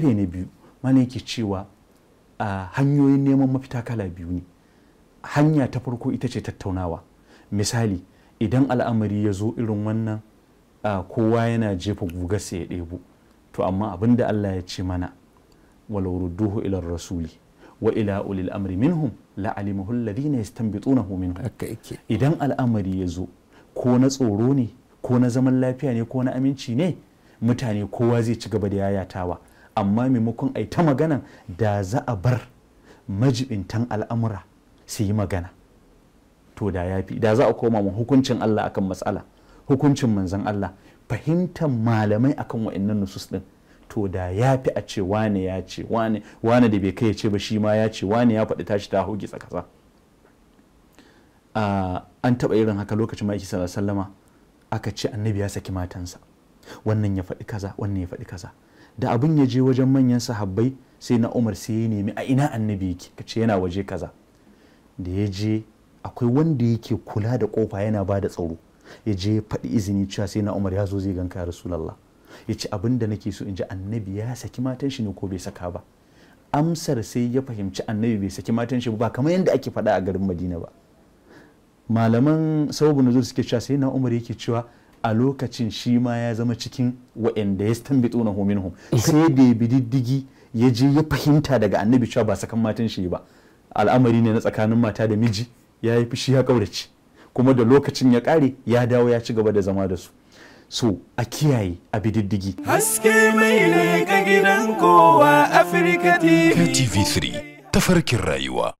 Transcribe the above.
bangare na biyu mana yake cewa hanyoyin neman mafita kala biyu ne hanya ta farko ita ce tattaunawa misali idan al'amari ya zo irin wannan kowa yana jefa gugarsa ya ɗebo to amma abin da Allah ya ce mana walau rudduhu ila rasuli wa ila ulil amri minhum la alimahu alladhina yastanbitunahu minhum idan al'amari ya zo ko na tsoro ne ko na zaman lafiya ne ko na aminci ne mutane kowa zai ci gaba da yayatawa amma maimakon a ta magana da za a bar majibintan al'amura su yi magana to da ya fi da za a koma ma hukuncin Allah akan matsala hukuncin manzan Allah fahimtar malamai akan wa'annan nusus din to da ya fi a ce wane ya ce wane da bai kai ya ce ba shi ma ya ce wane ya faɗi tashi ta hoge tsakasa ah, an taɓa irin haka lokacin ma'aiki sallama aka ce annabi ya saki matansa wannan ya faɗi kaza wannan ya faɗi kaza da abin ya je wajen manyan sahabbai sai na umar sai ya nemi a ina annabi yake kace yana waje kaza da ya je akwai wanda yake kula da kofa yana ba da tsaro ya je ya faɗi izini cewa sai na umar ya zo zai ganka ya rasulallah ya ce abin da nake so in ji annabi ya saki matan shi ne ko bai saka ba amsar sai ya fahimci annabi bai saki matan shi ba kamar yadda ake faɗa a garin madina ba malaman sabobin nuzul suke cewa sai na umar yake cewa a lokacin shi ma ya zama cikin wa'anda ya stambito na hominhum sai da ya bididdigi ya je ya fahimta daga annabi cewa ba sakan matan shi ba al'amari ne na tsakanin mata da miji ya yi fushi ya kaurace kuma da lokacin ya kare ya dawo ya ci gaba da zama da su so a kiyaye a bididdigi haske mai ne gidan kowa afirka tv3 tafarkin rayuwa